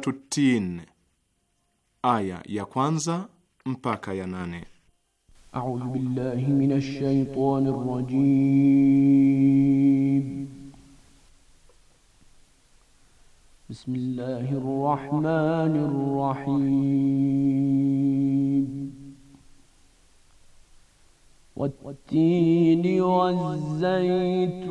Suratu Tin, aya ya kwanza mpaka ya nane. A'udhu billahi minash shaitani rajim. Bismillahir rahmanir rahim. Wat-tini waz-zaytun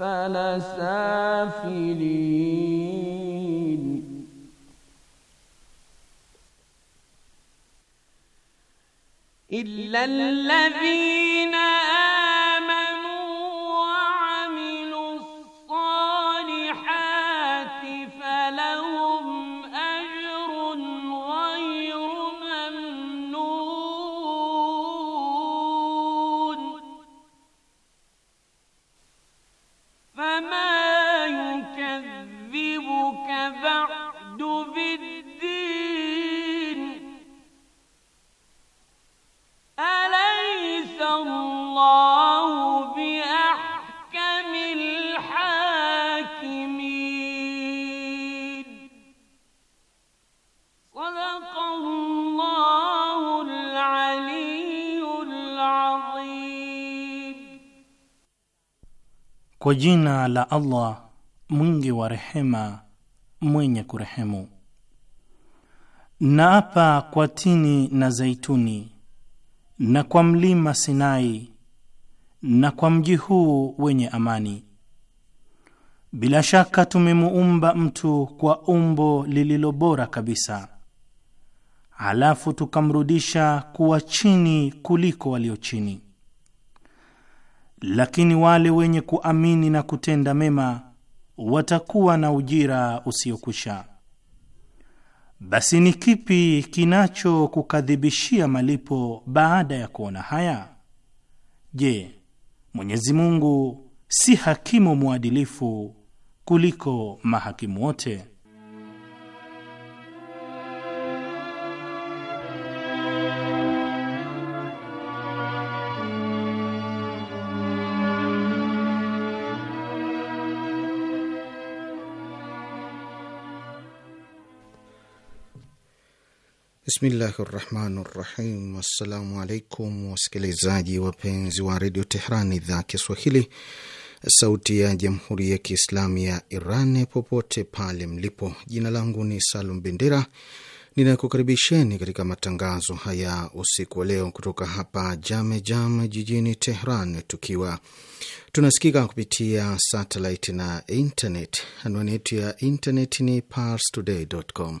أسفل سافلين إلا الذين يكذبك بعد بالدين أليس الله بأحكم الحاكمين صدق الله العلي العظيم Kwa jina la mwingi wa rehema, mwenye kurehemu. Naapa kwa tini na zaituni na kwa mlima Sinai na kwa mji huu wenye amani. Bila shaka tumemuumba mtu kwa umbo lililo bora kabisa, halafu tukamrudisha kuwa chini kuliko walio chini. Lakini wale wenye kuamini na kutenda mema watakuwa na ujira usiokwisha. Basi ni kipi kinachokukadhibishia malipo baada ya kuona haya? Je, Mwenyezi Mungu si hakimu mwadilifu kuliko mahakimu wote? Bismillahi rahmani rahim. Assalamu alaikum wasikilizaji wapenzi wa redio Tehran, idhaa Kiswahili, sauti ya jamhuri ya kiislamu ya Iran, popote pale mlipo. Jina langu ni Salum Bendera, ninakukaribisheni katika matangazo haya usiku wa leo kutoka hapa Jame Jam jijini Tehran, tukiwa tunasikika kupitia satellite na internet. Anwani yetu ya internet ni parstoday.com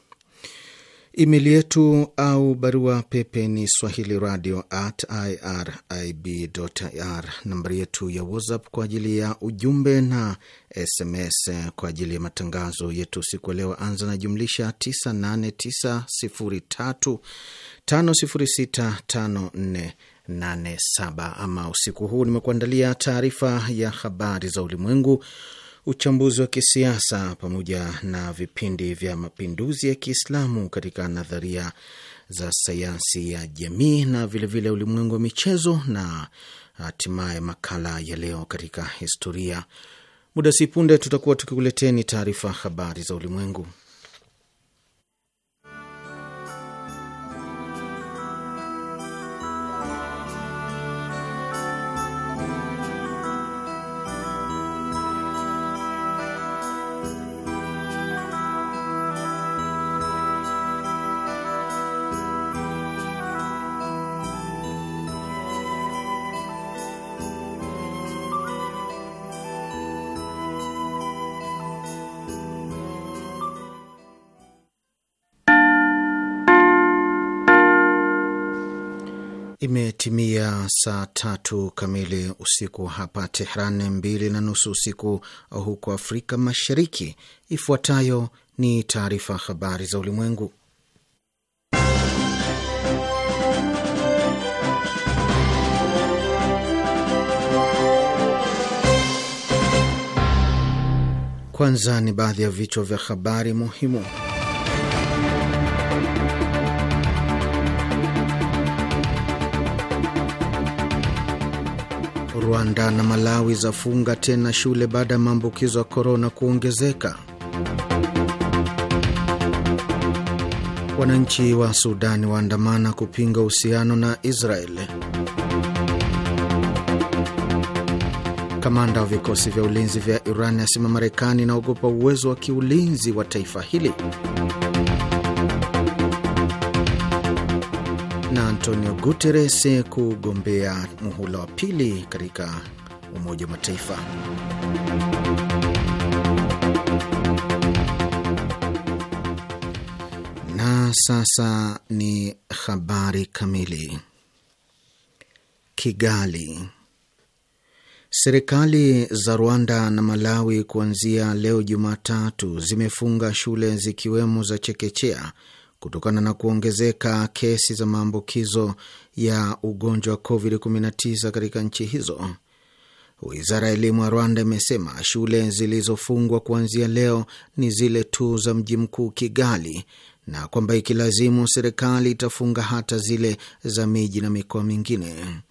Email yetu au barua pepe ni swahili radio at irib Nambari yetu ya WhatsApp kwa ajili ya ujumbe na SMS kwa ajili ya matangazo yetu siku ya leo, anza na jumlisha 9890350654 Ama usiku huu nimekuandalia taarifa ya habari za ulimwengu, uchambuzi wa kisiasa pamoja na vipindi vya mapinduzi ya Kiislamu katika nadharia za sayansi ya jamii na vilevile ulimwengu wa michezo na hatimaye makala ya leo katika historia. Muda si punde tutakuwa tukikuleteni taarifa habari za ulimwengu. Imetimia saa tatu kamili usiku hapa Tehran, mbili na nusu usiku huko Afrika Mashariki. Ifuatayo ni taarifa habari za ulimwengu, kwanza ni baadhi ya vichwa vya habari muhimu. Rwanda na Malawi zafunga tena shule baada ya maambukizo ya korona kuongezeka. Wananchi wa Sudani waandamana kupinga uhusiano na Israeli. Kamanda wa vikosi vya ulinzi vya Iran asema Marekani inaogopa uwezo wa kiulinzi wa taifa hili. Antonio Guterres kugombea muhula wa pili katika Umoja wa Mataifa. Na sasa ni habari kamili. Kigali. Serikali za Rwanda na Malawi kuanzia leo Jumatatu zimefunga shule zikiwemo za chekechea kutokana na kuongezeka kesi za maambukizo ya ugonjwa wa COVID-19 katika nchi hizo. Wizara ya elimu ya Rwanda imesema shule zilizofungwa kuanzia leo ni zile tu za mji mkuu Kigali, na kwamba ikilazimu serikali itafunga hata zile za miji na mikoa mingine.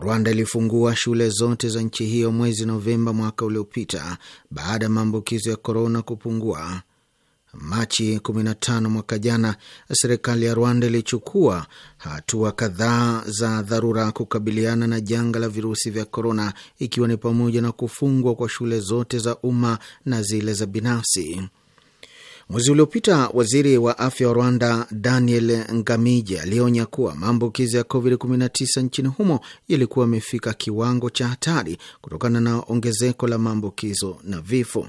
Rwanda ilifungua shule zote za nchi hiyo mwezi Novemba mwaka uliopita baada ya maambukizo ya korona kupungua. Machi 15 mwaka jana, serikali ya Rwanda ilichukua hatua kadhaa za dharura kukabiliana na janga la virusi vya korona, ikiwa ni pamoja na kufungwa kwa shule zote za umma na zile za binafsi. Mwezi uliopita waziri wa afya wa Rwanda Daniel Ngamije alionya kuwa maambukizi ya COVID-19 nchini humo yalikuwa yamefika kiwango cha hatari kutokana na ongezeko la maambukizo na vifo.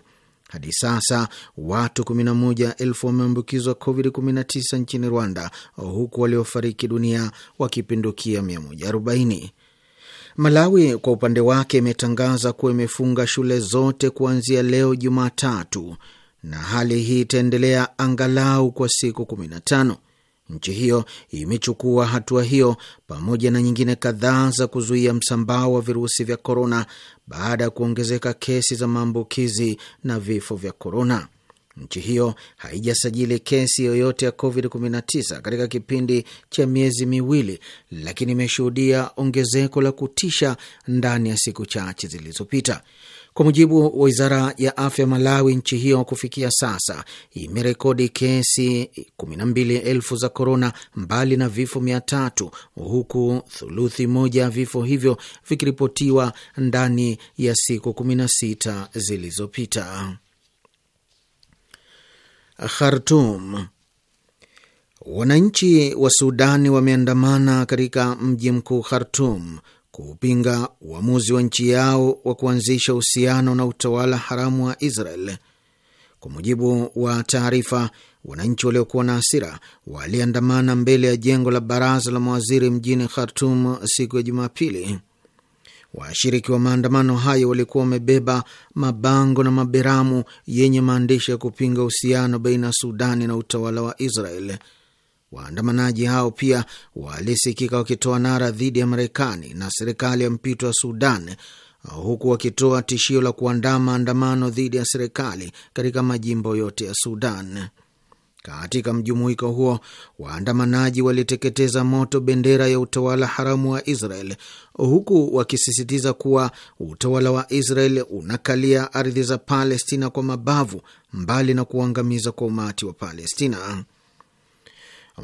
Hadi sasa watu 11,000 wameambukizwa COVID-19 nchini Rwanda, huku waliofariki dunia wakipindukia 140. Malawi kwa upande wake imetangaza kuwa imefunga shule zote kuanzia leo Jumatatu, na hali hii itaendelea angalau kwa siku 15. Nchi hiyo imechukua hatua hiyo pamoja na nyingine kadhaa za kuzuia msambao wa virusi vya korona baada ya kuongezeka kesi za maambukizi na vifo vya korona. Nchi hiyo haijasajili kesi yoyote ya COVID-19 katika kipindi cha miezi miwili, lakini imeshuhudia ongezeko la kutisha ndani ya siku chache zilizopita. Kwa mujibu wa wizara ya afya Malawi, nchi hiyo kufikia sasa imerekodi kesi 12,000 za korona, mbali na vifo 300, huku thuluthi moja ya vifo hivyo vikiripotiwa ndani ya siku 16 zilizopita. Khartum. Wananchi wa Sudani wameandamana katika mji mkuu Khartum kuupinga uamuzi wa nchi yao wa kuanzisha uhusiano na utawala haramu wa Israel. Kwa mujibu wa taarifa, wananchi waliokuwa na hasira waliandamana mbele ya jengo la baraza la mawaziri mjini Khartum siku ya Jumapili. Washiriki wa maandamano hayo walikuwa wamebeba mabango na maberamu yenye maandishi ya kupinga uhusiano baina ya Sudani na utawala wa Israel. Waandamanaji hao pia walisikika wakitoa nara dhidi ya Marekani na serikali ya mpito ya Sudan, huku wakitoa tishio la kuandaa maandamano dhidi ya serikali katika majimbo yote ya Sudan. Katika mjumuiko huo, waandamanaji waliteketeza moto bendera ya utawala haramu wa Israel, huku wakisisitiza kuwa utawala wa Israel unakalia ardhi za Palestina kwa mabavu, mbali na kuangamiza kwa umati wa Palestina.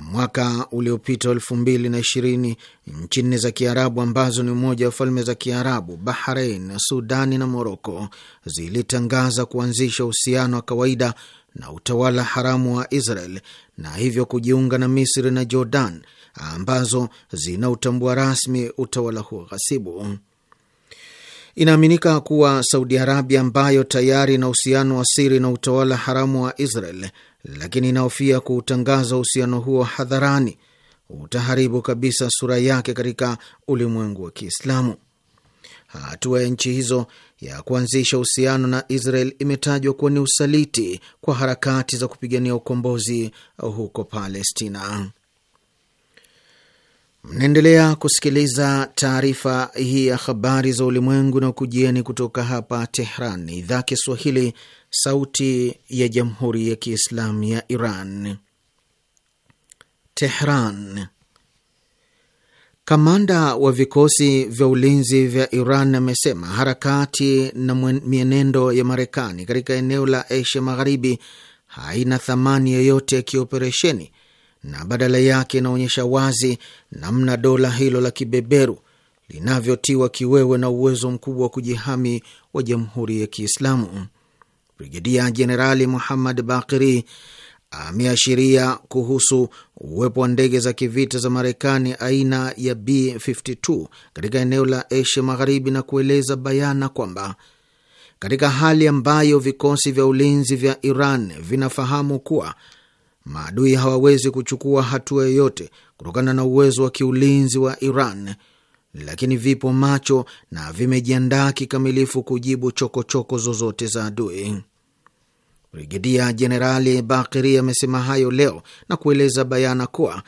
Mwaka uliopita elfu mbili na ishirini, nchi nne za Kiarabu ambazo ni Umoja wa Falme za Kiarabu, Bahrain, Sudani na Moroko zilitangaza kuanzisha uhusiano wa kawaida na utawala haramu wa Israel na hivyo kujiunga na Misri na Jordan ambazo zinautambua rasmi utawala huo ghasibu. Inaaminika kuwa Saudi Arabia ambayo tayari ina uhusiano wa siri na utawala haramu wa Israel lakini inahofia kuutangaza uhusiano huo hadharani utaharibu kabisa sura yake katika ulimwengu wa Kiislamu. Hatua ya nchi hizo ya kuanzisha uhusiano na Israel imetajwa kuwa ni usaliti kwa harakati za kupigania ukombozi huko Palestina. Mnaendelea kusikiliza taarifa hii ya habari za ulimwengu na ukujieni kutoka hapa Tehran, idhaa Kiswahili, Sauti ya Jamhuri ya Kiislamu ya Iran, Tehran. Kamanda wa vikosi vya ulinzi vya Iran amesema harakati na mienendo ya Marekani katika eneo la Asia Magharibi haina thamani yoyote ya kioperesheni na badala yake inaonyesha wazi namna dola hilo la kibeberu linavyotiwa kiwewe na uwezo mkubwa wa kujihami wa Jamhuri ya Kiislamu. Brigedia Jenerali Muhammad Bakiri ameashiria kuhusu uwepo wa ndege za kivita za Marekani aina ya B52 katika eneo la Asia Magharibi na kueleza bayana kwamba katika hali ambayo vikosi vya ulinzi vya Iran vinafahamu kuwa maadui hawawezi kuchukua hatua yoyote kutokana na uwezo wa kiulinzi wa Iran lakini vipo macho na vimejiandaa kikamilifu kujibu chokochoko choko zozote za adui. Brigedia Jenerali Bakiri amesema hayo leo na kueleza bayana kuwa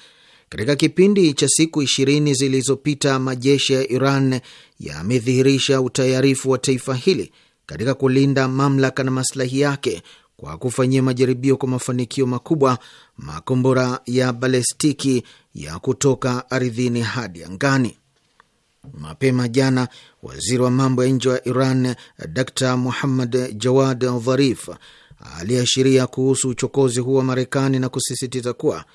katika kipindi cha siku ishirini zilizopita majeshi ya Iran yamedhihirisha utayarifu wa taifa hili katika kulinda mamlaka na maslahi yake kwa kufanyia majaribio kwa mafanikio makubwa makombora ya balestiki ya kutoka ardhini hadi angani. Mapema jana waziri wa mambo ya nje wa Iran Dr Muhammad Jawad Dharif aliashiria kuhusu uchokozi huo wa Marekani na kusisitiza kuwa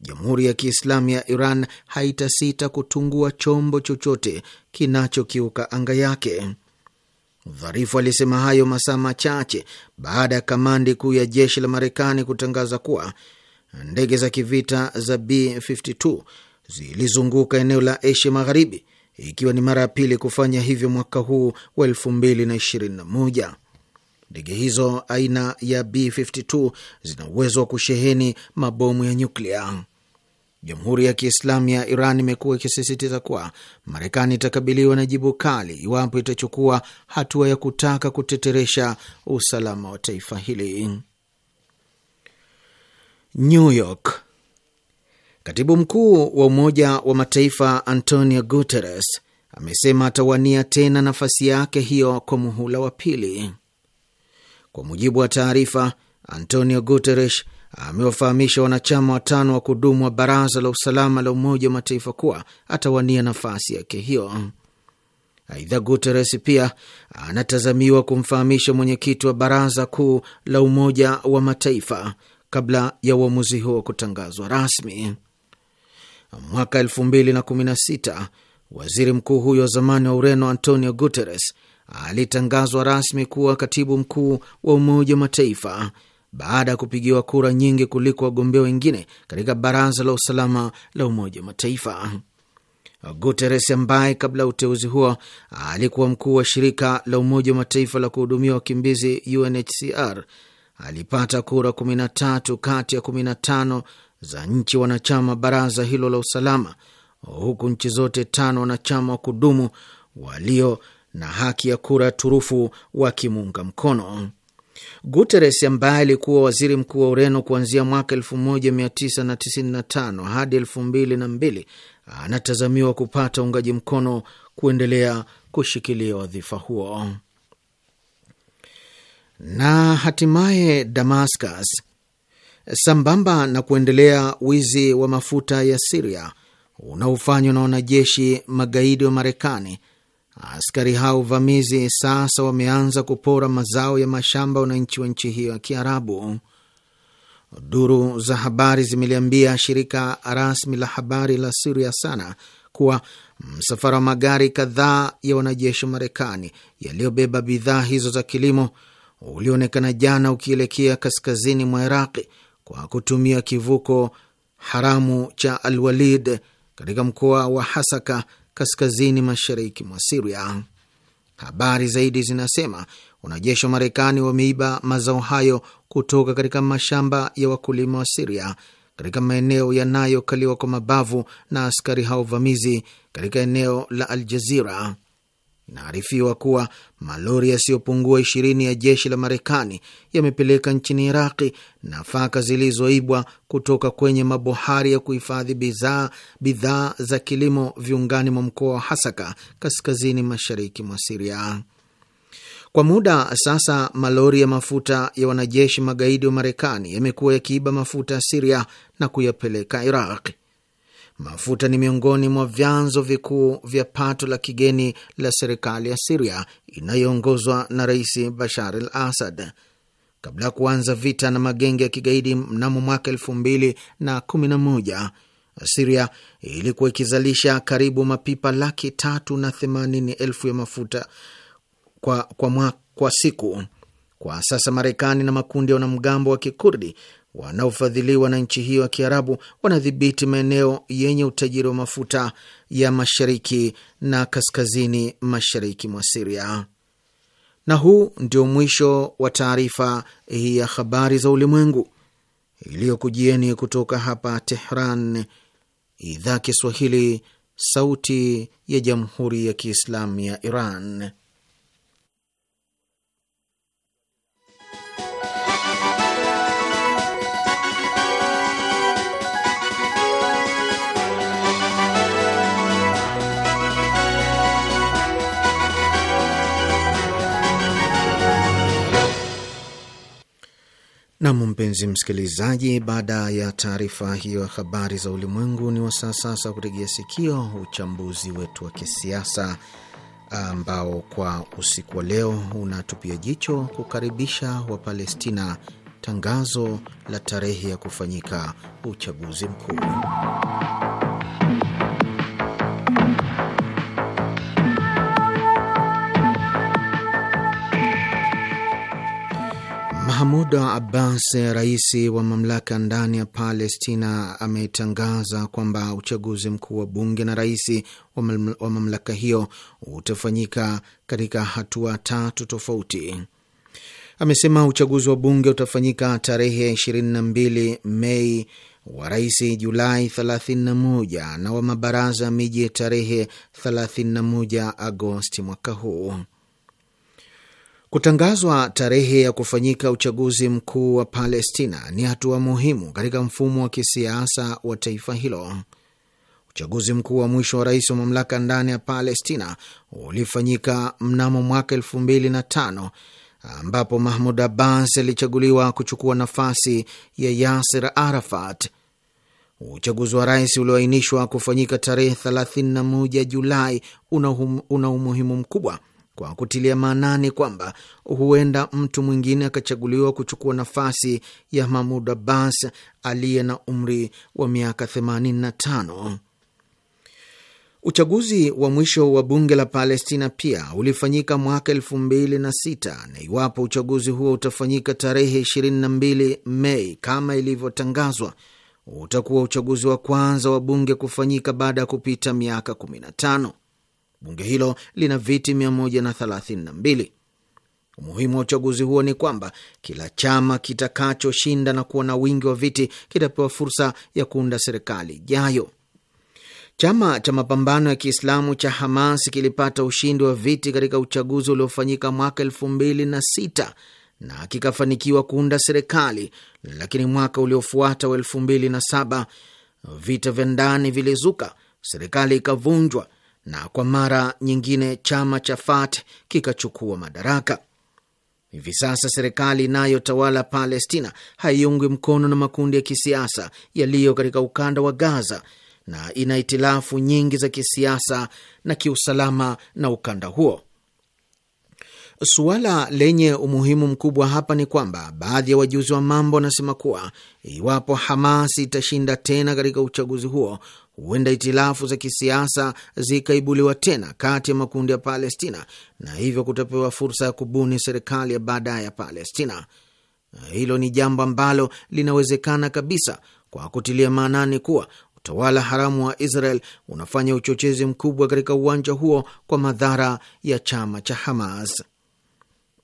Jamhuri ya Kiislamu ya Iran haitasita kutungua chombo chochote kinachokiuka anga yake. Dharifu alisema hayo masaa machache baada ya kamandi kuu ya jeshi la Marekani kutangaza kuwa ndege za kivita za B52 zilizunguka eneo la Asia Magharibi ikiwa ni mara ya pili kufanya hivyo mwaka huu wa 221 Ndege hizo aina ya B52 zina uwezo wa kusheheni mabomu ya nyuklia. Jamhuri ya Kiislamu ya Iran imekuwa ikisisitiza kuwa Marekani itakabiliwa na jibu kali iwapo itachukua hatua ya kutaka kuteteresha usalama wa taifa hili. New York Katibu mkuu wa Umoja wa Mataifa Antonio Guterres amesema atawania tena nafasi yake hiyo kwa muhula wa pili. Kwa mujibu wa taarifa, Antonio Guterres amewafahamisha wanachama watano wa kudumu wa Baraza la Usalama la Umoja wa Mataifa kuwa atawania nafasi yake hiyo. Aidha, Guterres pia anatazamiwa kumfahamisha mwenyekiti wa Baraza Kuu la Umoja wa Mataifa kabla ya uamuzi huo kutangazwa rasmi mwaka 2016 waziri mkuu huyo wa zamani wa Ureno Antonio Guterres alitangazwa rasmi kuwa katibu mkuu wa Umoja wa Mataifa baada ya kupigiwa kura nyingi kuliko wagombea wengine katika Baraza la Usalama la Umoja wa Mataifa. Guterres ambaye kabla ya uteuzi huo alikuwa mkuu wa shirika la Umoja wa Mataifa la kuhudumia wakimbizi UNHCR alipata kura 13 kati ya 15 za nchi wanachama baraza hilo la usalama, huku nchi zote tano wanachama wa kudumu walio na haki ya kura turufu wakimuunga mkono Guterres ambaye alikuwa waziri mkuu wa Ureno kuanzia mwaka 1995 hadi 2002 anatazamiwa kupata uungaji mkono kuendelea kushikilia wadhifa huo. Na hatimaye Damascus sambamba na kuendelea wizi wa mafuta ya Siria unaofanywa na wanajeshi magaidi wa Marekani, askari hao uvamizi sasa wameanza kupora mazao ya mashamba wananchi wa nchi hiyo ya Kiarabu. Duru za habari zimeliambia shirika rasmi la habari la Siria SANA kuwa msafara wa magari kadhaa ya wanajeshi wa Marekani yaliyobeba bidhaa hizo za kilimo ulionekana jana ukielekea kaskazini mwa Iraqi kwa kutumia kivuko haramu cha Alwalid katika mkoa wa Hasaka kaskazini mashariki mwa Siria. Habari zaidi zinasema wanajeshi wa Marekani wameiba mazao hayo kutoka katika mashamba ya wakulima wa Siria katika maeneo yanayokaliwa kwa mabavu na askari hao vamizi katika eneo la Aljazira. Inaarifiwa kuwa malori yasiyopungua ishirini ya jeshi la Marekani yamepeleka nchini Iraqi nafaka zilizoibwa kutoka kwenye mabohari ya kuhifadhi bidhaa bidhaa za kilimo viungani mwa mkoa wa Hasaka, kaskazini mashariki mwa Siria. Kwa muda sasa, malori ya mafuta ya wanajeshi magaidi wa Marekani yamekuwa yakiiba mafuta ya Siria na kuyapeleka Iraqi. Mafuta ni miongoni mwa vyanzo vikuu vya pato la kigeni la serikali ya Siria inayoongozwa na Rais Bashar al Assad. Kabla ya kuanza vita na magenge ya kigaidi mnamo mwaka elfu mbili na kumi na moja, Siria ilikuwa ikizalisha karibu mapipa laki tatu na themanini elfu ya mafuta kwa, kwa, mwa, kwa siku. Kwa sasa Marekani na makundi ya wanamgambo wa kikurdi wanaofadhiliwa na nchi hiyo ya Kiarabu wanadhibiti maeneo yenye utajiri wa mafuta ya mashariki na kaskazini mashariki mwa Siria. Na huu ndio mwisho wa taarifa hii ya habari za ulimwengu iliyokujieni kutoka hapa Tehran, idhaa Kiswahili, sauti ya jamhuri ya kiislamu ya Iran. Nam, mpenzi msikilizaji, baada ya taarifa hiyo ya habari za ulimwengu, ni wasaa sasa kutegea sikio uchambuzi wetu wa kisiasa ambao kwa usiku wa leo unatupia jicho kukaribisha Wapalestina tangazo la tarehe ya kufanyika uchaguzi mkuu. Mahmud Abbas, rais wa mamlaka ndani ya Palestina, ametangaza kwamba uchaguzi mkuu wa bunge na rais wa mamlaka hiyo utafanyika katika hatua tatu tofauti. Amesema uchaguzi wa bunge utafanyika tarehe 22 Mei, wa rais Julai 31 na wa mabaraza miji tarehe 31 Agosti mwaka huu. Kutangazwa tarehe ya kufanyika uchaguzi mkuu wa Palestina ni hatua muhimu katika mfumo wa kisiasa wa taifa hilo. Uchaguzi mkuu wa mwisho wa rais wa mamlaka ndani ya Palestina ulifanyika mnamo mwaka elfu mbili na tano ambapo Mahmud Abbas alichaguliwa kuchukua nafasi ya Yasir Arafat. Uchaguzi wa rais ulioainishwa kufanyika tarehe 31 Julai una, um, una umuhimu mkubwa kwa kutilia maanani kwamba huenda mtu mwingine akachaguliwa kuchukua nafasi ya Mahmud Abbas aliye na umri wa miaka 85. Uchaguzi wa mwisho wa bunge la Palestina pia ulifanyika mwaka 26 na na iwapo uchaguzi huo utafanyika tarehe 22 Mei kama ilivyotangazwa, utakuwa uchaguzi wa kwanza wa bunge kufanyika baada ya kupita miaka 15. Bunge hilo lina viti 132. Umuhimu wa uchaguzi huo ni kwamba kila chama kitakachoshinda na kuwa na wingi wa viti kitapewa fursa ya kuunda serikali ijayo. Chama cha mapambano ya Kiislamu cha Hamas kilipata ushindi wa viti katika uchaguzi uliofanyika mwaka elfu mbili na sita na kikafanikiwa kuunda serikali, lakini mwaka uliofuata wa elfu mbili na saba vita vya ndani vilizuka, serikali ikavunjwa na kwa mara nyingine chama cha FAT kikachukua madaraka. Hivi sasa serikali inayotawala Palestina haiungwi mkono na makundi ya kisiasa yaliyo katika ukanda wa Gaza na ina itilafu nyingi za kisiasa na kiusalama na ukanda huo. Suala lenye umuhimu mkubwa hapa ni kwamba baadhi ya wajuzi wa mambo wanasema kuwa iwapo Hamas itashinda tena katika uchaguzi huo, huenda itilafu za kisiasa zikaibuliwa tena kati ya makundi ya Palestina na hivyo kutapewa fursa ya kubuni serikali ya baadaye ya Palestina. Hilo ni jambo ambalo linawezekana kabisa kwa kutilia maanani kuwa utawala haramu wa Israel unafanya uchochezi mkubwa katika uwanja huo kwa madhara ya chama cha Hamas.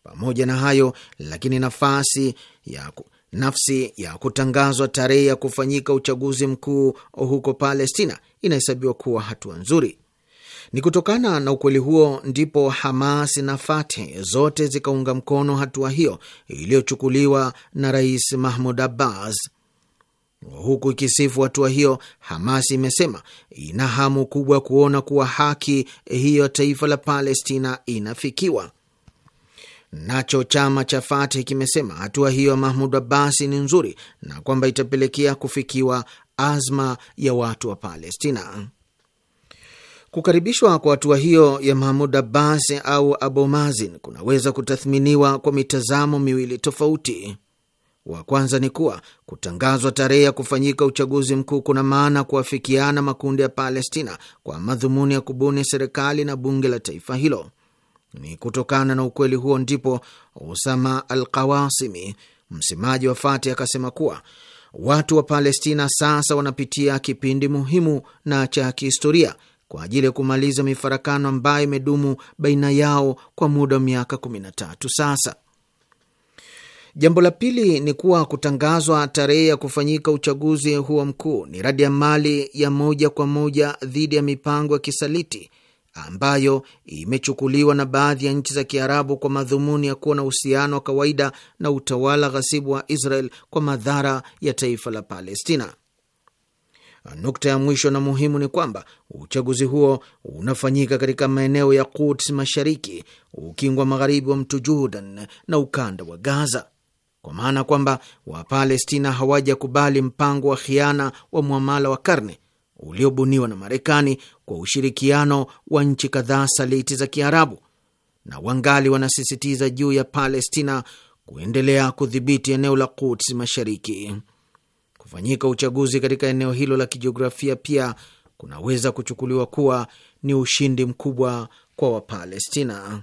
Pamoja na hayo lakini, nafasi ya Nafsi ya kutangazwa tarehe ya kufanyika uchaguzi mkuu huko Palestina inahesabiwa kuwa hatua nzuri. Ni kutokana na ukweli huo ndipo Hamas na Fatah zote zikaunga mkono hatua hiyo iliyochukuliwa na Rais Mahmud Abbas. Huku ikisifu hatua hiyo, Hamas imesema ina hamu kubwa kuona kuwa haki hiyo taifa la Palestina inafikiwa. Nacho chama cha Fatah kimesema hatua hiyo ya Mahmud Abbas ni nzuri na kwamba itapelekea kufikiwa azma ya watu wa Palestina. Kukaribishwa kwa hatua hiyo ya Mahmud Abbas au Abu Mazin kunaweza kutathminiwa kwa mitazamo miwili tofauti. Wa kwanza ni kuwa kutangazwa tarehe ya kufanyika uchaguzi mkuu kuna maana kuafikiana makundi ya Palestina kwa madhumuni ya kubuni serikali na bunge la taifa hilo. Ni kutokana na ukweli huo ndipo Usama al Kawasimi, msemaji wa Fati, akasema kuwa watu wa Palestina sasa wanapitia kipindi muhimu na cha kihistoria kwa ajili ya kumaliza mifarakano ambayo imedumu baina yao kwa muda wa miaka 13 sasa. Jambo la pili ni kuwa kutangazwa tarehe ya kufanyika uchaguzi huo mkuu ni radi ya mali ya moja kwa moja dhidi ya mipango ya kisaliti ambayo imechukuliwa na baadhi ya nchi za Kiarabu kwa madhumuni ya kuwa na uhusiano wa kawaida na utawala ghasibu wa Israel kwa madhara ya taifa la Palestina. Nukta ya mwisho na muhimu ni kwamba uchaguzi huo unafanyika katika maeneo ya Quds Mashariki, ukingwa magharibi wa mto Jordan na ukanda wa Gaza, kwa maana kwamba Wapalestina hawajakubali mpango wa khiana wa mwamala wa karne uliobuniwa na Marekani kwa ushirikiano wa nchi kadhaa saliti za Kiarabu, na wangali wanasisitiza juu ya Palestina kuendelea kudhibiti eneo la Quds Mashariki. Kufanyika uchaguzi katika eneo hilo la kijiografia pia kunaweza kuchukuliwa kuwa ni ushindi mkubwa kwa Wapalestina.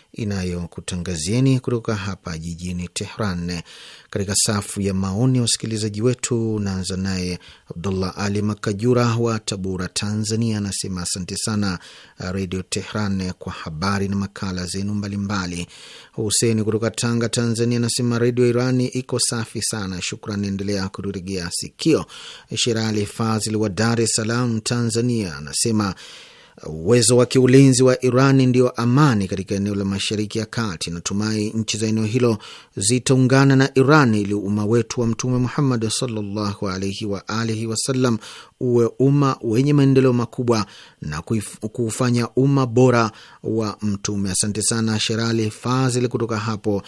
inayokutangazieni kutoka hapa jijini Tehran. Katika safu ya maoni ya wasikilizaji wetu, naanza naye Abdullah Ali Makajura wa Tabora, Tanzania, anasema asante sana uh, Redio Tehran kwa habari na makala zenu mbalimbali. Huseni kutoka Tanga, Tanzania, anasema Redio Irani iko safi sana, shukran, endelea kuturegea sikio. Shirali Fazil wa Dar es Salaam, Tanzania, anasema Uwezo wa kiulinzi wa Iran ndio amani katika eneo la Mashariki ya Kati. Natumai nchi za eneo hilo zitaungana na Iran ili umma wetu wa Mtume Muhammad sallallahu alaihi wa alihi wasallam uwe umma wenye maendeleo makubwa na kuufanya umma bora wa Mtume. Asante sana Sherali Fazil kutoka hapo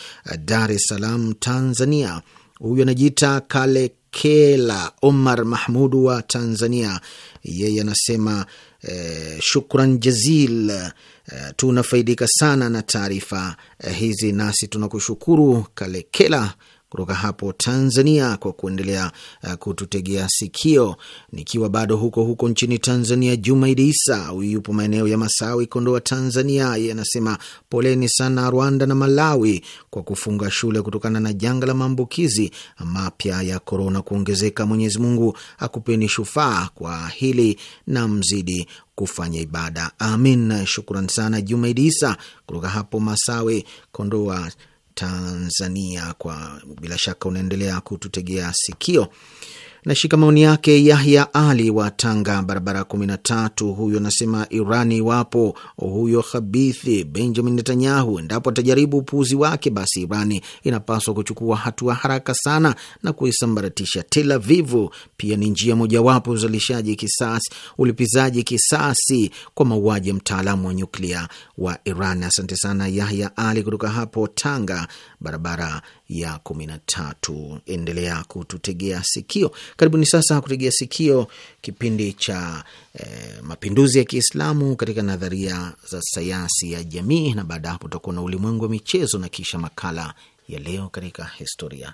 Dar es Salaam, Tanzania. Huyu anajiita Kalekela Omar Mahmudu wa Tanzania, yeye anasema eh, shukran jazil eh, tunafaidika sana na taarifa eh, hizi, nasi tunakushukuru Kalekela kutoka hapo Tanzania kwa kuendelea uh, kututegea sikio. Nikiwa bado huko huko nchini Tanzania, Jumaidi Isa huyu yupo maeneo ya Masawi, Kondoa, Tanzania. Yeye anasema poleni sana Rwanda na Malawi kwa kufunga shule kutokana na janga la maambukizi mapya ya korona kuongezeka. Mwenyezi Mungu akupeni shufaa kwa hili na mzidi kufanya ibada, amin. Shukran sana Jumaidi Isa kutoka hapo Masawi, Kondoa Tanzania. Kwa bila shaka unaendelea kututegea sikio Nashika maoni yake Yahya Ali wa Tanga, barabara kumi na tatu. Huyo anasema Irani, iwapo huyo khabithi Benjamin Netanyahu endapo atajaribu upuuzi wake, basi Irani inapaswa kuchukua hatua haraka sana na kuisambaratisha Tel Avivu. Pia ni njia mojawapo ya uzalishaji kisasi, ulipizaji kisasi kwa mauaji ya mtaalamu wa nyuklia wa Iran. Asante sana Yahya Ali kutoka hapo Tanga barabara ya kumi na tatu. Endelea kututegea sikio. Karibuni sasa kutegea sikio kipindi cha eh, mapinduzi ya Kiislamu katika nadharia za sayansi ya jamii, na baada ya hapo utakuwa na ulimwengu wa michezo na kisha makala ya leo katika historia.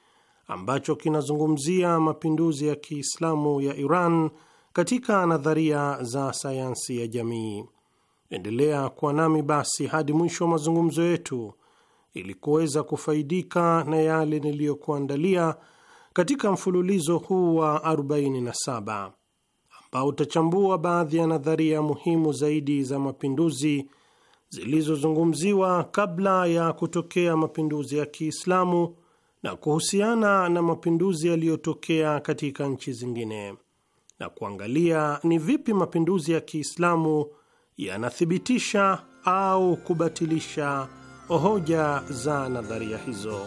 ambacho kinazungumzia mapinduzi ya Kiislamu ya Iran katika nadharia za sayansi ya jamii. Endelea kuwa nami basi hadi mwisho wa mazungumzo yetu ili kuweza kufaidika na yale niliyokuandalia katika mfululizo huu wa 47 ambao utachambua baadhi ya nadharia muhimu zaidi za mapinduzi zilizozungumziwa kabla ya kutokea mapinduzi ya Kiislamu na kuhusiana na mapinduzi yaliyotokea katika nchi zingine na kuangalia ni vipi mapinduzi ya Kiislamu yanathibitisha au kubatilisha hoja za nadharia hizo.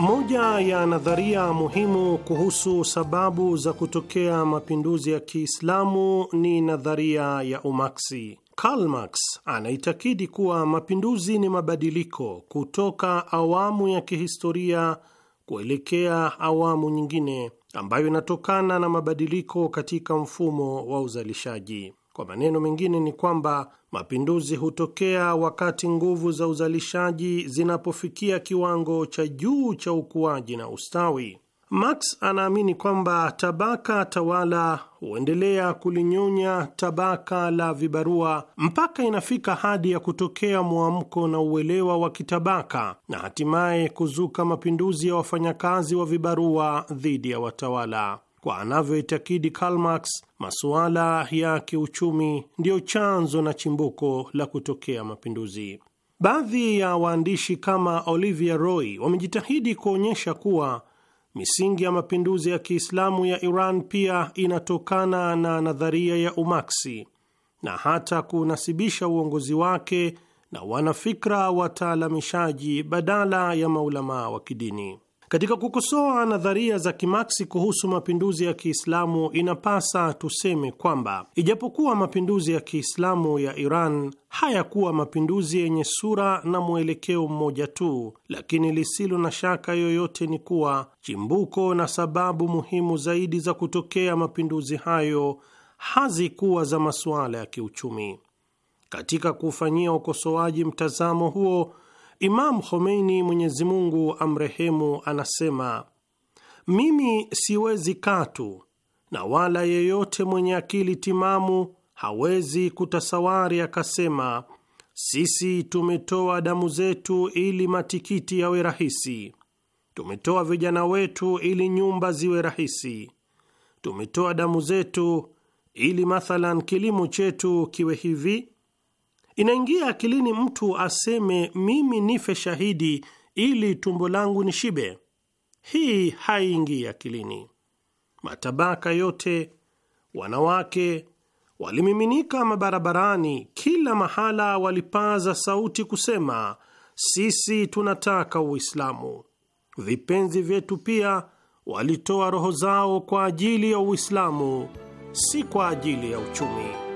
Moja ya nadharia muhimu kuhusu sababu za kutokea mapinduzi ya Kiislamu ni nadharia ya umaksi. Karl Marx anaitakidi kuwa mapinduzi ni mabadiliko kutoka awamu ya kihistoria kuelekea awamu nyingine ambayo inatokana na mabadiliko katika mfumo wa uzalishaji. Kwa maneno mengine ni kwamba mapinduzi hutokea wakati nguvu za uzalishaji zinapofikia kiwango cha juu cha ukuaji na ustawi. Marx anaamini kwamba tabaka tawala huendelea kulinyonya tabaka la vibarua mpaka inafika hadi ya kutokea mwamko na uelewa wa kitabaka na hatimaye kuzuka mapinduzi ya wafanyakazi wa vibarua dhidi ya watawala. Kwa anavyoitakidi Karl Marx, masuala ya kiuchumi ndiyo chanzo na chimbuko la kutokea mapinduzi. Baadhi ya waandishi kama Olivia Roy wamejitahidi kuonyesha kuwa misingi ya mapinduzi ya Kiislamu ya Iran pia inatokana na nadharia ya Umaksi na hata kunasibisha uongozi wake na wanafikra wataalamishaji badala ya maulamaa wa kidini. Katika kukosoa nadharia za Kimaksi kuhusu mapinduzi ya Kiislamu, inapasa tuseme kwamba ijapokuwa mapinduzi ya Kiislamu ya Iran hayakuwa mapinduzi yenye sura na mwelekeo mmoja tu, lakini lisilo na shaka yoyote ni kuwa chimbuko na sababu muhimu zaidi za kutokea mapinduzi hayo hazikuwa za masuala ya kiuchumi. Katika kuufanyia ukosoaji mtazamo huo Imam Khomeini, Mwenyezi Mungu amrehemu, anasema mimi siwezi katu na wala yeyote mwenye akili timamu hawezi kutasawari akasema sisi tumetoa damu zetu ili matikiti yawe rahisi, tumetoa vijana wetu ili nyumba ziwe rahisi, tumetoa damu zetu ili mathalan kilimo chetu kiwe hivi Inaingia akilini mtu aseme mimi nife shahidi ili tumbo langu nishibe? Hii haiingii akilini. Matabaka yote, wanawake walimiminika mabarabarani, kila mahala walipaza sauti kusema sisi tunataka Uislamu. Vipenzi vyetu pia walitoa roho zao kwa ajili ya Uislamu, si kwa ajili ya uchumi.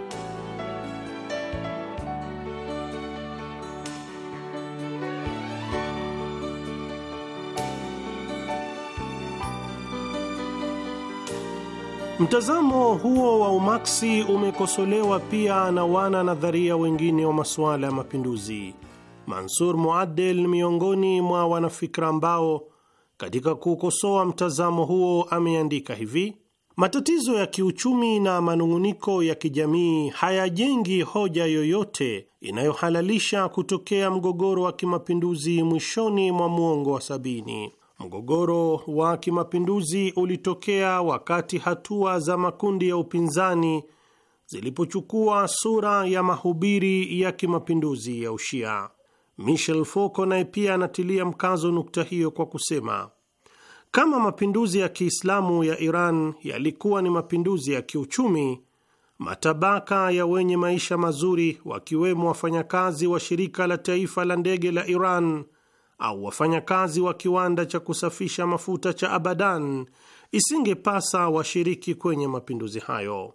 Mtazamo huo wa Umaksi umekosolewa pia na wana nadharia wengine wa masuala ya mapinduzi. Mansur Muadel ni miongoni mwa wanafikra ambao katika kukosoa mtazamo huo ameandika hivi: matatizo ya kiuchumi na manung'uniko ya kijamii hayajengi hoja yoyote inayohalalisha kutokea mgogoro wa kimapinduzi mwishoni mwa muongo wa sabini. Mgogoro wa kimapinduzi ulitokea wakati hatua za makundi ya upinzani zilipochukua sura ya mahubiri ya kimapinduzi ya Ushia. Michel Foucault naye pia anatilia mkazo nukta hiyo kwa kusema, kama mapinduzi ya Kiislamu ya Iran yalikuwa ni mapinduzi ya kiuchumi, matabaka ya wenye maisha mazuri, wakiwemo wafanyakazi wa shirika la taifa la ndege la Iran au wafanyakazi wa kiwanda cha kusafisha mafuta cha Abadan, isingepasa washiriki kwenye mapinduzi hayo.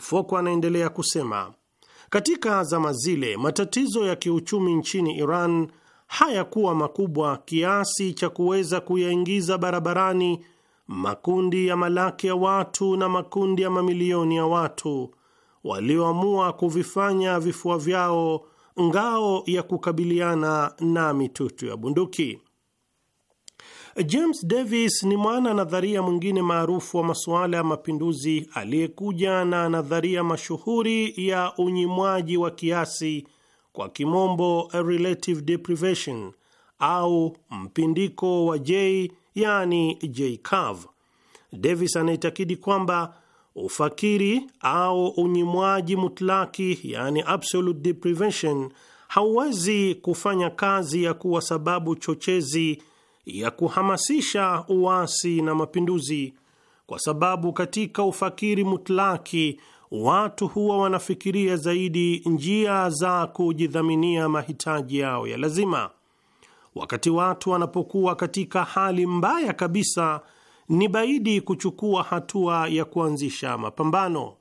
Foko anaendelea kusema, katika zama zile matatizo ya kiuchumi nchini Iran hayakuwa makubwa kiasi cha kuweza kuyaingiza barabarani makundi ya malaki ya watu na makundi ya mamilioni ya watu walioamua kuvifanya vifua vyao ngao ya kukabiliana na mitutu ya bunduki. James Davis ni mwana nadharia mwingine maarufu wa masuala ya mapinduzi aliyekuja na nadharia mashuhuri ya unyimwaji wa kiasi, kwa kimombo relative deprivation, au mpindiko wa J, yani J curve. Davis anaitakidi kwamba ufakiri au unyimwaji mutlaki, yani absolute deprivation, hauwezi kufanya kazi ya kuwa sababu chochezi ya kuhamasisha uasi na mapinduzi, kwa sababu katika ufakiri mutlaki watu huwa wanafikiria zaidi njia za kujidhaminia mahitaji yao ya lazima. Wakati watu wanapokuwa katika hali mbaya kabisa ni baidi kuchukua hatua ya kuanzisha mapambano.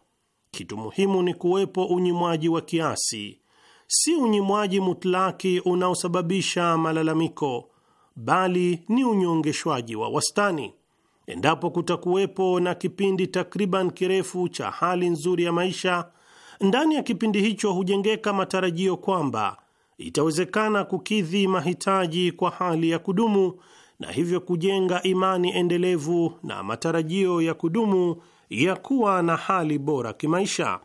Kitu muhimu ni kuwepo unyimwaji wa kiasi, si unyimwaji mutlaki unaosababisha malalamiko, bali ni unyongeshwaji wa wastani. Endapo kutakuwepo na kipindi takriban kirefu cha hali nzuri ya maisha, ndani ya kipindi hicho hujengeka matarajio kwamba itawezekana kukidhi mahitaji kwa hali ya kudumu na hivyo kujenga imani endelevu na matarajio ya kudumu ya kuwa na hali bora kimaisha.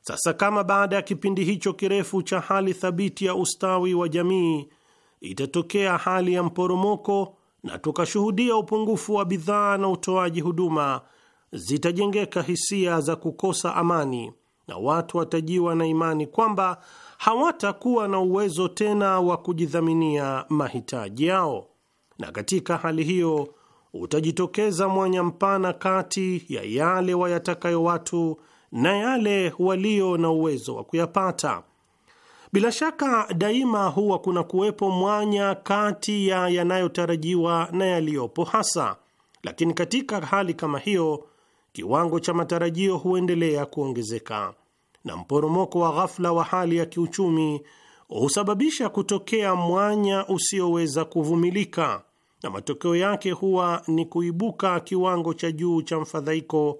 Sasa kama baada ya kipindi hicho kirefu cha hali thabiti ya ustawi wa jamii itatokea hali ya mporomoko na tukashuhudia upungufu wa bidhaa na utoaji huduma, zitajengeka hisia za kukosa amani na watu watajiwa na imani kwamba hawatakuwa na uwezo tena wa kujidhaminia mahitaji yao na katika hali hiyo utajitokeza mwanya mpana kati ya yale wayatakayo watu na yale walio na uwezo wa kuyapata. Bila shaka daima huwa kuna kuwepo mwanya kati ya yanayotarajiwa na yaliyopo hasa, lakini katika hali kama hiyo kiwango cha matarajio huendelea kuongezeka na mporomoko wa ghafla wa hali ya kiuchumi husababisha kutokea mwanya usioweza kuvumilika na matokeo yake huwa ni kuibuka kiwango cha juu cha mfadhaiko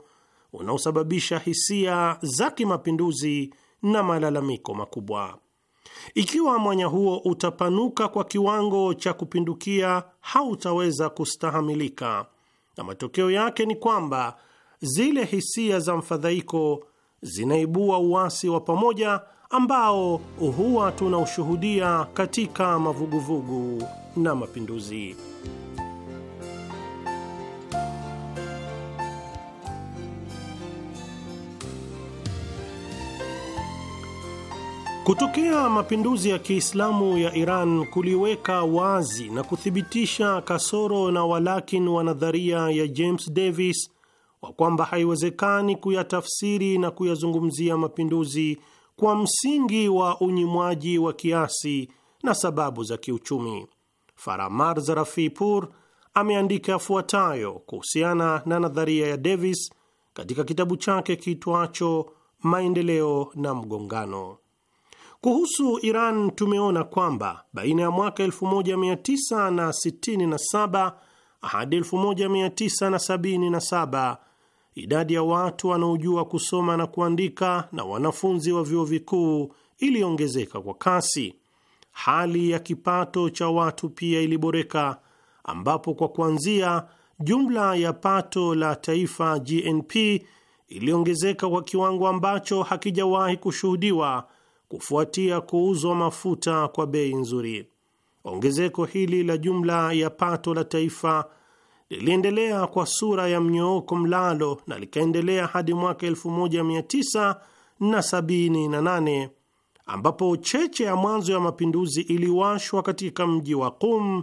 unaosababisha hisia za kimapinduzi na malalamiko makubwa. Ikiwa mwanya huo utapanuka kwa kiwango cha kupindukia, hautaweza kustahamilika, na matokeo yake ni kwamba zile hisia za mfadhaiko zinaibua uasi wa pamoja ambao huwa tunaushuhudia katika mavuguvugu na mapinduzi. Kutokea mapinduzi ya Kiislamu ya Iran kuliweka wazi na kuthibitisha kasoro na walakin wa nadharia ya James Davis wa kwamba haiwezekani kuyatafsiri na kuyazungumzia mapinduzi kwa msingi wa unyimwaji wa kiasi na sababu za kiuchumi. Faramarz Rafipour ameandika yafuatayo kuhusiana na nadharia ya Davis katika kitabu chake kiitwacho Maendeleo na Mgongano. Kuhusu Iran tumeona kwamba baina ya mwaka 1967 hadi 1977 idadi ya watu wanaojua kusoma na kuandika na wanafunzi wa vyuo vikuu iliongezeka kwa kasi. Hali ya kipato cha watu pia iliboreka, ambapo kwa kuanzia jumla ya pato la taifa GNP iliongezeka kwa kiwango ambacho hakijawahi kushuhudiwa kufuatia kuuzwa mafuta kwa bei nzuri. Ongezeko hili la jumla ya pato la taifa liliendelea kwa sura ya mnyooko mlalo na likaendelea hadi mwaka 1978 ambapo cheche ya mwanzo ya mapinduzi iliwashwa katika mji wa Qum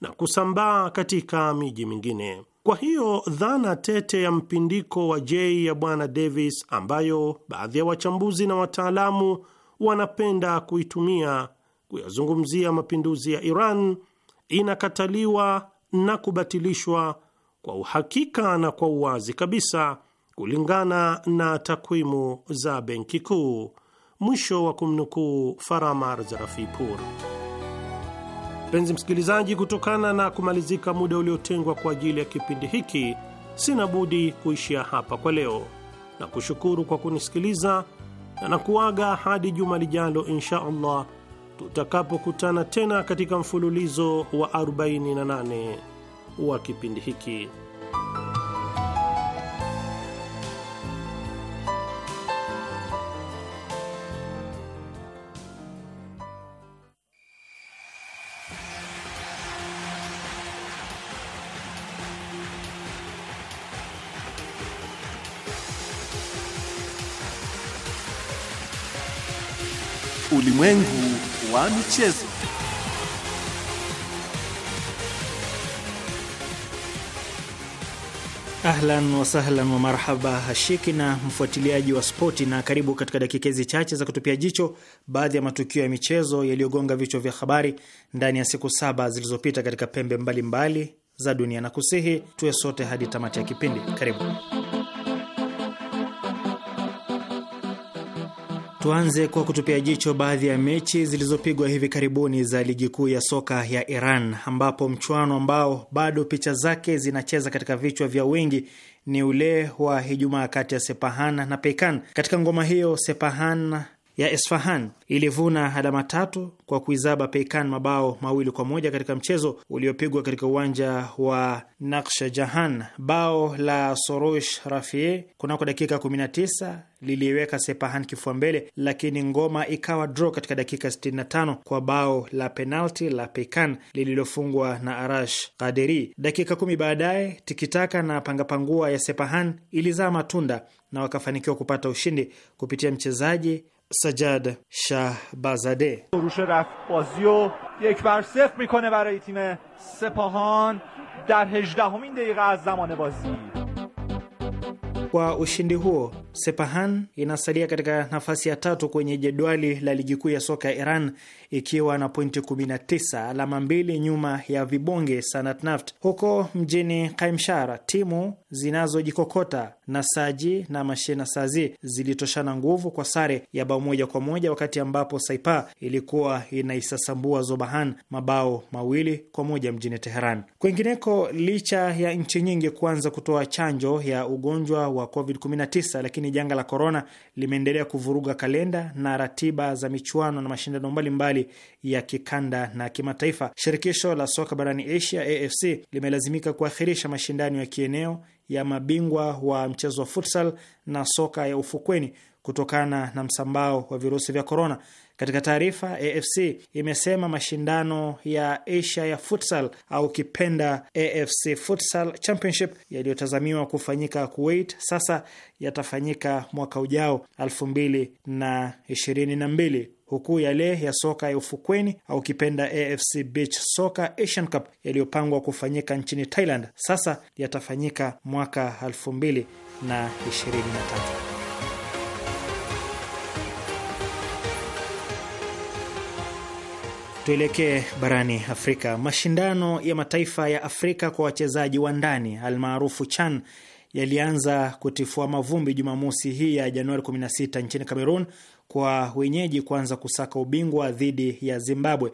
na kusambaa katika miji mingine. Kwa hiyo dhana tete ya mpindiko wa jei ya Bwana Davis, ambayo baadhi ya wachambuzi na wataalamu wanapenda kuitumia kuyazungumzia mapinduzi ya Iran inakataliwa na kubatilishwa kwa uhakika na kwa uwazi kabisa kulingana na takwimu za benki kuu. Mwisho wa kumnukuu Faramar Zarafipur. Mpenzi msikilizaji, kutokana na kumalizika muda uliotengwa kwa ajili ya kipindi hiki, sina budi kuishia hapa kwa leo na kushukuru kwa kunisikiliza na nakuaga hadi juma lijalo insha Allah tutakapokutana tena katika mfululizo wa 48 wa kipindi hiki. Ulimwengu wa michezo. Ahlan wasahlan wa marhaba hashiki na mfuatiliaji wa spoti, na karibu katika dakika hizi chache za kutupia jicho baadhi ya matukio ya michezo yaliyogonga vichwa vya habari ndani ya siku saba zilizopita katika pembe mbalimbali mbali za dunia, na kusihi tuwe sote hadi tamati ya kipindi. Karibu. Tuanze kwa kutupia jicho baadhi ya mechi zilizopigwa hivi karibuni za ligi kuu ya soka ya Iran, ambapo mchuano ambao bado picha zake zinacheza katika vichwa vya wengi ni ule wa Ijumaa kati ya Sepahan na Peikan. Katika ngoma hiyo, Sepahan ya Esfahan ilivuna alama tatu kwa kuizaba Peikan mabao mawili kwa moja katika mchezo uliopigwa katika uwanja wa Naksha Jahan. Bao la Sorosh Rafie kunako dakika 19 liliweka Sepahan kifua mbele, lakini ngoma ikawa draw katika dakika 65 kwa bao la penalti la Peikan lililofungwa na Arash Kaderi. Dakika kumi baadaye tikitaka na pangapangua ya Sepahan ilizaa matunda na wakafanikiwa kupata ushindi kupitia mchezaji Sajad Shahbazade. روش رفت بازی و یک بر صفر میکنه برای تیم سپاهان در هجدهمین دقیقه از زمان بازی. Kwa ushindi huo Sepahan inasalia katika nafasi ya tatu kwenye jedwali la ligi kuu ya soka ya Iran ikiwa na pointi 19, alama mbili nyuma ya vibonge Sanat Naft. Huko mjini Kaimshara, timu zinazojikokota na Saji na Mashena Sazi zilitoshana nguvu kwa sare ya bao moja kwa moja, wakati ambapo Saipa ilikuwa inaisasambua Zobahan mabao mawili kwa moja mjini Teheran. Kwengineko, licha ya nchi nyingi kuanza kutoa chanjo ya ugonjwa wa COVID-19, lakini janga la korona limeendelea kuvuruga kalenda na ratiba za michuano na mashindano mbalimbali ya kikanda na kimataifa. Shirikisho la soka barani Asia AFC limelazimika kuahirisha mashindano ya kieneo ya mabingwa wa mchezo wa futsal na soka ya ufukweni kutokana na msambao wa virusi vya korona. Katika taarifa, AFC imesema mashindano ya Asia ya futsal au kipenda AFC Futsal Championship yaliyotazamiwa kufanyika Kuwait sasa yatafanyika mwaka ujao 2022 huku yale ya soka ya ufukweni au kipenda AFC Beach Soccer Asian Cup yaliyopangwa kufanyika nchini Thailand sasa yatafanyika mwaka 2023. Tuelekee barani Afrika. Mashindano ya mataifa ya Afrika kwa wachezaji wa ndani almaarufu CHAN yalianza kutifua mavumbi Jumamosi hii ya Januari 16 nchini Cameroon, kwa wenyeji kuanza kusaka ubingwa dhidi ya Zimbabwe.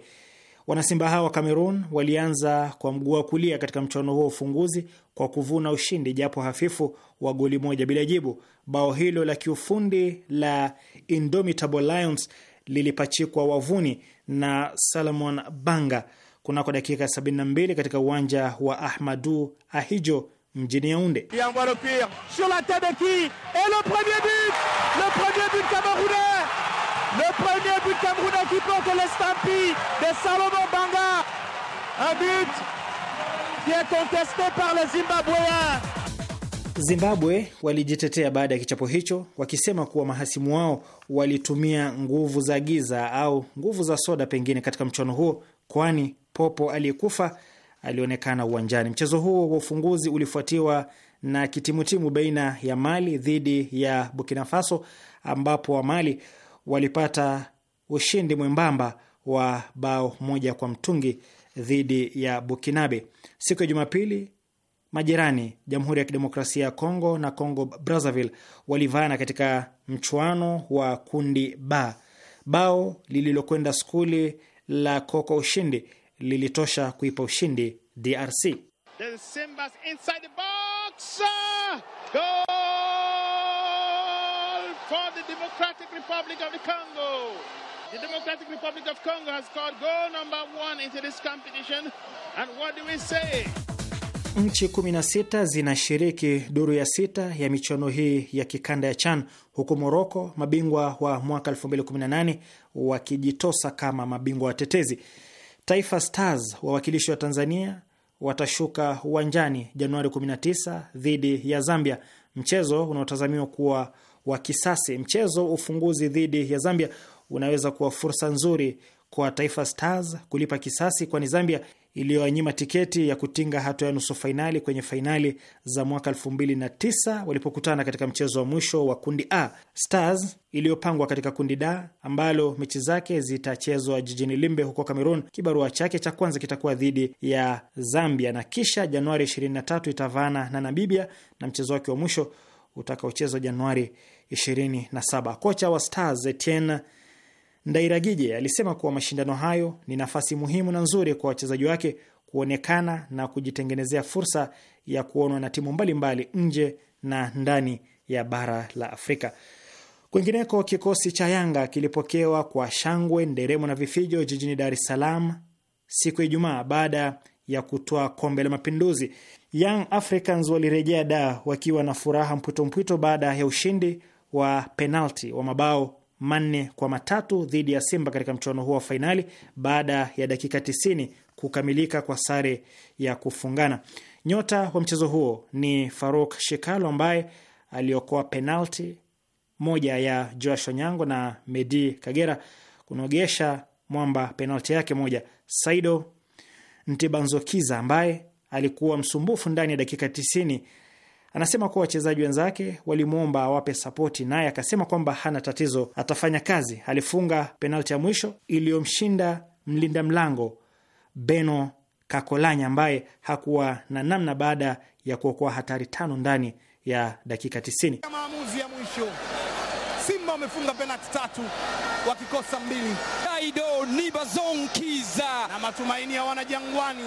Wanasimba hawa wa Cameroon walianza kwa mguu wa kulia katika mchuano huo ufunguzi kwa kuvuna ushindi japo hafifu wa goli moja bila jibu. Bao hilo la kiufundi la Indomitable Lions lilipachikwa wavuni na Salomon Banga kunako dakika 72 katika uwanja wa Ahmadu Ahijo mjini Yaounde. Sur la tête de qui Et le premier but Le premier but camerounais Le premier but camerounais qui porte de Salomon Banga Un but qui est contesté par les Zimbabwe walijitetea baada ya kichapo hicho wakisema kuwa mahasimu wao walitumia nguvu za giza au nguvu za soda pengine katika mchuano huo, kwani popo aliyekufa alionekana uwanjani. Mchezo huo wa ufunguzi ulifuatiwa na kitimutimu baina ya Mali dhidi ya Burkina Faso, ambapo wa Mali walipata ushindi mwembamba wa bao moja kwa mtungi dhidi ya Bukinabe. Siku ya Jumapili, majirani Jamhuri ya Kidemokrasia ya Kongo na congo Brazzaville walivana katika mchuano wa kundi ba bao lililokwenda skuli la Koko ushindi lilitosha kuipa ushindi DRC. Uh, Nchi 16 zinashiriki duru ya sita ya michuano hii ya kikanda ya CHAN huku Moroko, mabingwa wa mwaka 2018, wakijitosa kama mabingwa watetezi. Taifa Stars, wawakilishi wa Tanzania, watashuka uwanjani Januari 19 dhidi ya Zambia, mchezo unaotazamiwa kuwa wa kisasi. Mchezo ufunguzi dhidi ya Zambia unaweza kuwa fursa nzuri kwa Taifa Stars kulipa kisasi, kwani Zambia iliyoanyima tiketi ya kutinga hatua ya nusu fainali kwenye fainali za mwaka 2009 walipokutana katika mchezo wa mwisho wa kundi A. Stars iliyopangwa katika kundi D ambalo mechi zake zitachezwa jijini Limbe huko Cameroon, kibarua chake cha kwanza kitakuwa dhidi ya Zambia na kisha Januari 23 itavaana na Namibia na mchezo wake wa mwisho utakaochezwa Januari 27. Kocha wa Stars Etienne Ndairagije alisema kuwa mashindano hayo ni nafasi muhimu na nzuri kwa wachezaji wake kuonekana na kujitengenezea fursa ya kuonwa na timu mbalimbali nje na ndani ya bara la Afrika. Kwingineko, kikosi cha Yanga kilipokewa kwa shangwe, nderemo na vifijo jijini Dar es Salaam siku ya Ijumaa baada ya kutoa kombe la Mapinduzi. Young Africans walirejea da wakiwa na furaha mpwito mpwito baada ya ushindi wa penalti wa mabao manne kwa matatu dhidi ya Simba katika mchuano huo wa fainali baada ya dakika 90 kukamilika kwa sare ya kufungana. Nyota wa mchezo huo ni Faruk Shikalo ambaye aliokoa penalti moja ya Joash Onyango na Medi Kagera kunogesha mwamba penalti yake moja. Saido Ntibanzokiza ambaye alikuwa msumbufu ndani ya dakika tisini Anasema kuwa wachezaji wenzake walimwomba awape sapoti, naye akasema kwamba hana tatizo, atafanya kazi. Alifunga penalti ya mwisho iliyomshinda mlinda mlango Beno Kakolanya ambaye hakuwa na namna baada ya kuokoa hatari tano ndani ya dakika 90. Maamuzi ya mwisho, Simba wamefunga penalti tatu wakikosa mbili. Daido ni bazonkiza na matumaini ya wanajangwani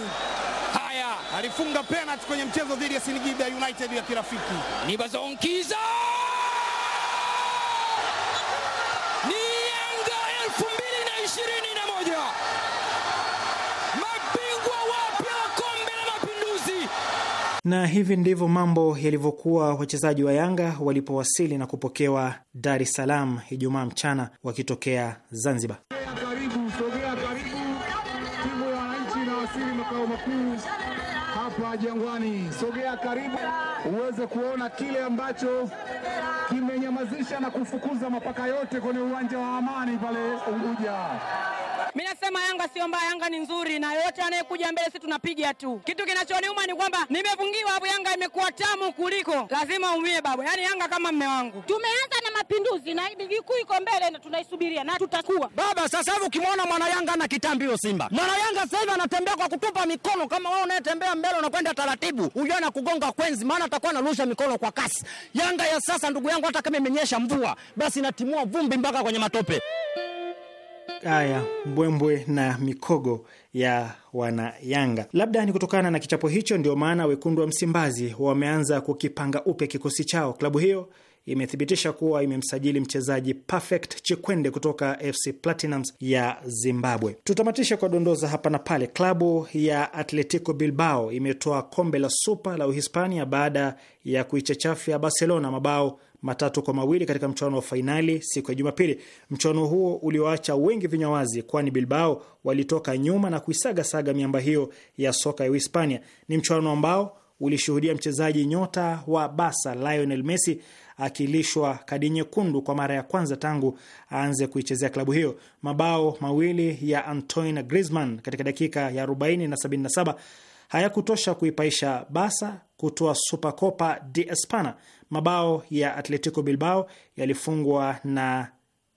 Haya, alifunga penalty kwenye mchezo dhidi ya Singida United ya kirafiki. Ni Bazonkiza! ni Yanga 2021 mabingwa wapya wa kombe la mapinduzi. Na hivi ndivyo mambo yalivyokuwa wachezaji wa Yanga walipowasili na kupokewa Dar es Salaam Ijumaa mchana wakitokea Zanzibar. Karibu, sogea karibu hapa Jangwani. Sogea karibu uweze kuona kile ambacho kimenyamazisha na kufukuza mapaka yote kwenye uwanja wa Amani pale Unguja. Mimi nasema Yanga sio mbaya, Yanga ni nzuri, na yote anayekuja mbele sisi tunapiga tu. Kitu kinachoniuma ni kwamba nimefungiwa hapo, Yanga imekuwa tamu kuliko, lazima umie babu. Yaani Yanga kama mme wangu. Tumeanza na mapinduzi na ligi kuu iko mbele na tunaisubiria na tutakuwa baba. Sasa hivi ukimwona mwana Yanga na kitambi kitambio Simba, mwana Yanga sasa hivi anatembea kwa kutupa mikono. Kama wewe unayetembea mbele unakwenda taratibu, hujua na kugonga kwenzi, maana atakuwa anarusha mikono kwa kasi. Yanga ya sasa, ndugu yangu, hata kama imenyesha mvua, basi inatimua vumbi mpaka kwenye matope. Aya, mbwembwe na mikogo ya wana yanga labda ni kutokana na kichapo hicho, ndio maana wekundu wa Msimbazi wameanza kukipanga upya kikosi chao. Klabu hiyo imethibitisha kuwa imemsajili mchezaji Perfect Chikwende kutoka FC Platinums ya Zimbabwe. Tutamatishe kwa dondoza hapa na pale. Klabu ya Atletico Bilbao imetoa kombe la Supa la Uhispania baada ya kuichachafya Barcelona mabao matatu kwa mawili katika mchuano wa fainali siku ya Jumapili. Mchuano huo ulioacha wengi vinywa wazi, kwani Bilbao walitoka nyuma na kuisagasaga miamba hiyo ya soka ya Uhispania. Ni mchuano ambao ulishuhudia mchezaji nyota wa Barca Lionel Messi akilishwa kadi nyekundu kwa mara ya kwanza tangu aanze kuichezea klabu hiyo. Mabao mawili ya Antoine Griezmann katika dakika ya 40 na 77 hayakutosha kuipaisha Barca kutoa Supercopa de Espana. Mabao ya Atletico Bilbao yalifungwa na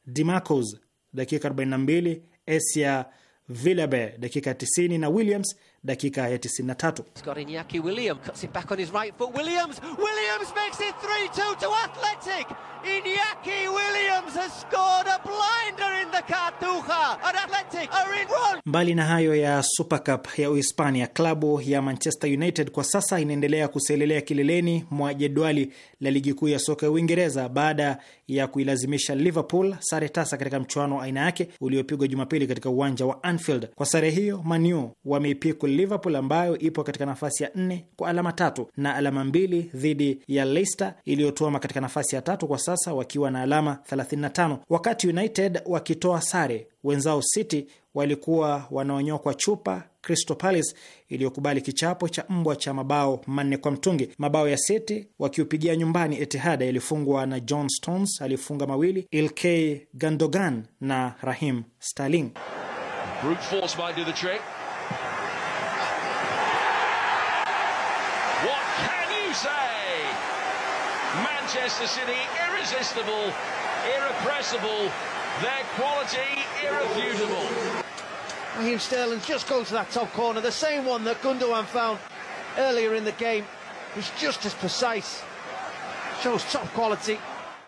Dimarcos dakika 42, Esia Villabe dakika 90 na Williams dakika ya 93. Iñaki Williams has scored a blinder in the Cartuja and Athletic are in front. Mbali na hayo ya Super Cup ya Uhispania, klabu ya Manchester United kwa sasa inaendelea kuselelea kileleni mwa jedwali la ligi kuu ya soka ya Uingereza baada ya kuilazimisha Liverpool sare tasa katika mchuano wa aina yake uliopigwa Jumapili katika uwanja wa Anfield. Kwa sare hiyo, Manu wameipiku Liverpool ambayo ipo katika nafasi ya nne kwa alama tatu na alama mbili dhidi ya Leicester iliyotuama katika nafasi ya tatu kwa sasa sasa wakiwa na alama 35, wakati United wakitoa sare. Wenzao City walikuwa wanaonyokwa chupa Crystal Palace iliyokubali kichapo cha mbwa cha mabao manne kwa mtungi. Mabao ya City wakiupigia nyumbani Etihad yalifungwa na John Stones aliyefunga mawili, Ilkay Gundogan na Raheem Sterling. Manchester City irresistible, irrepressible, their quality irrefutable. Raheem Sterling's just gone to that top corner, the same one that Gundogan found earlier in the game. He's just as precise. Shows top quality.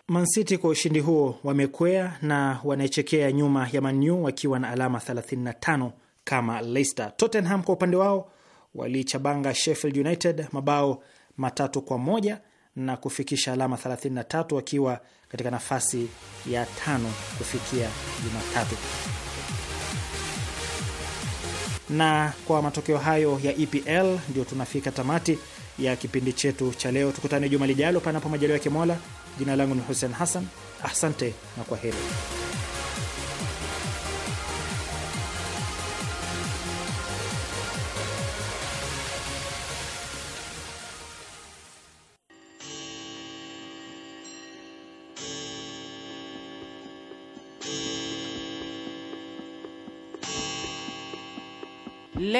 Man City kwa ushindi huo wamekwea na wanaechekea nyuma ya Man U wakiwa na alama 35 kama Leicester. Tottenham kwa upande wao walichabanga Sheffield United mabao matatu kwa moja na kufikisha alama 33 akiwa katika nafasi ya tano kufikia Jumatatu. Na kwa matokeo hayo ya EPL ndio tunafika tamati ya kipindi chetu cha leo. Tukutane juma lijalo, panapo majaliwa ya Kimola. Jina langu ni Hussein Hassan, asante na kwa heri.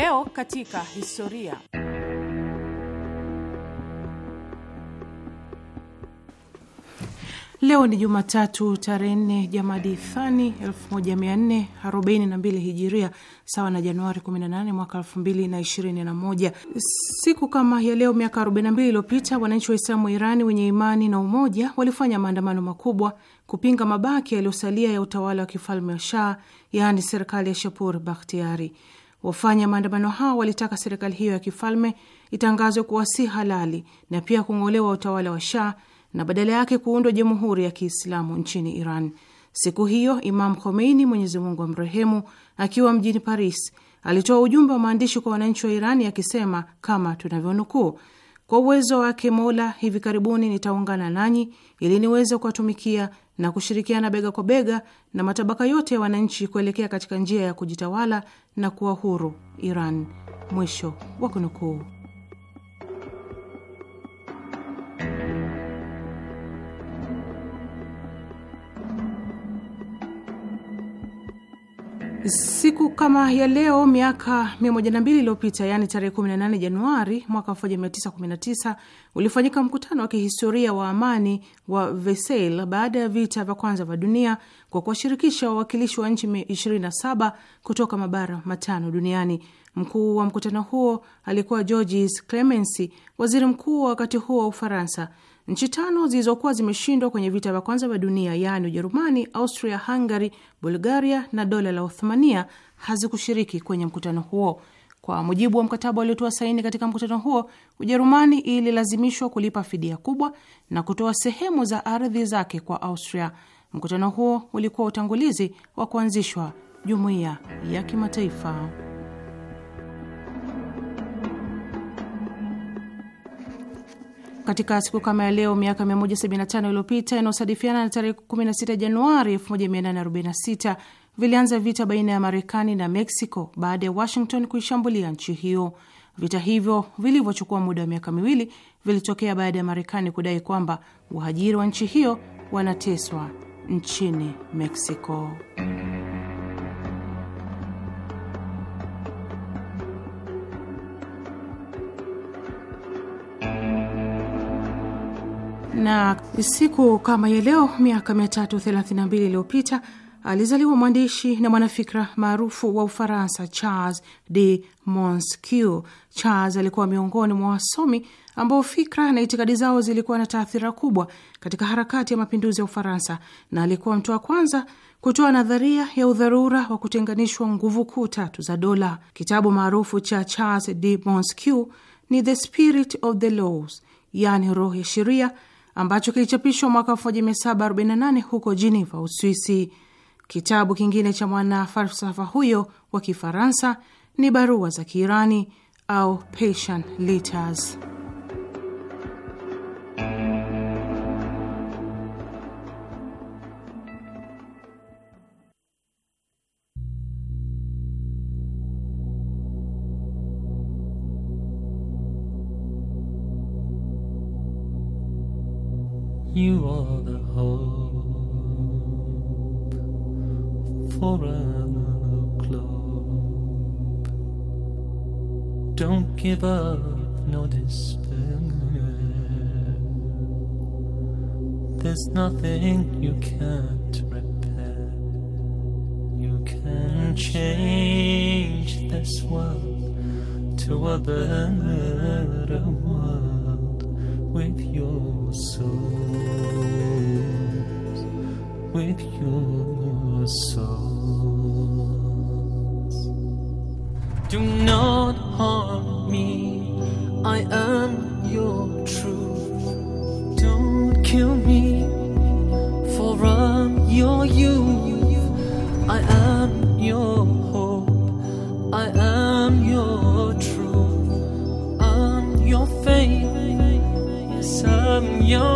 Leo katika historia. Leo ni Jumatatu tarehe nne Jamadi Thani 1442 Hijiria, sawa na Januari 18 mwaka 2021. Siku kama ya leo miaka 42 iliyopita, wananchi Waislamu wa Irani wenye imani na umoja walifanya maandamano makubwa kupinga mabaki yaliyosalia ya utawala wa kifalme wa Shah, yaani serikali ya Shapur Bakhtiari. Wafanya maandamano hao walitaka serikali hiyo ya kifalme itangazwe kuwa si halali na pia kung'olewa utawala wa Shah na badala yake kuundwa jamhuri ya Kiislamu nchini Iran. Siku hiyo Imam Khomeini, Mwenyezi Mungu amrehemu, akiwa mjini Paris alitoa ujumbe wa maandishi kwa wananchi wa Irani akisema kama tunavyonukuu: kwa uwezo wake Mola, hivi karibuni nitaungana nanyi ili niweze kuwatumikia na kushirikiana bega kwa bega na matabaka yote ya wananchi kuelekea katika njia ya kujitawala na kuwa huru Iran. Mwisho wa kunukuu. Siku kama ya leo miaka 102 iliyopita, yaani tarehe 18 Januari mwaka 1919 ulifanyika mkutano wa kihistoria wa amani wa Versailles baada ya vita vya kwanza vya dunia kwa kuwashirikisha wawakilishi wa nchi 27 kutoka mabara matano duniani. Mkuu wa mkutano huo alikuwa Georges Clemenceau, waziri mkuu wa wakati huo wa Ufaransa, Nchi tano zilizokuwa zimeshindwa kwenye vita vya kwanza vya dunia, yaani Ujerumani, Austria Hungary, Bulgaria na dola la Uthmania hazikushiriki kwenye mkutano huo. Kwa mujibu wa mkataba waliotoa saini katika mkutano huo, Ujerumani ililazimishwa kulipa fidia kubwa na kutoa sehemu za ardhi zake kwa Austria. Mkutano huo ulikuwa utangulizi wa kuanzishwa jumuiya ya kimataifa. katika siku kama ya leo miaka 175 iliyopita inaosadifiana na tarehe 16 Januari 1846 vilianza vita baina ya Marekani na Mexico baada ya Washington kuishambulia nchi hiyo. Vita hivyo vilivyochukua muda wa miaka miwili vilitokea baada ya Marekani kudai kwamba wahajiri wa nchi hiyo wanateswa nchini Mexico. na siku kama ya leo miaka 332 iliyopita alizaliwa mwandishi na mwanafikra maarufu wa Ufaransa Charles de Montesquieu. Charles alikuwa miongoni mwa wasomi ambao fikra na itikadi zao zilikuwa na taathira kubwa katika harakati ya mapinduzi ya Ufaransa, na alikuwa mtu wa kwanza kutoa nadharia ya udharura wa kutenganishwa nguvu kuu tatu za dola. Kitabu maarufu cha Charles de Montesquieu ni The Spirit of the Laws, yaani roho ya sheria ambacho kilichapishwa mwaka 1748 huko Geneva, Uswisi. Kitabu kingine cha mwana falsafa huyo wa Kifaransa ni barua za Kiirani au patient Letters. You are the hope for another club. Don't give up, no despair. There's nothing you can't repair. You can change this world to a better one with your souls, with your souls. Do not harm me, I am your truth. Don't kill me, for I'm your you, I am your. your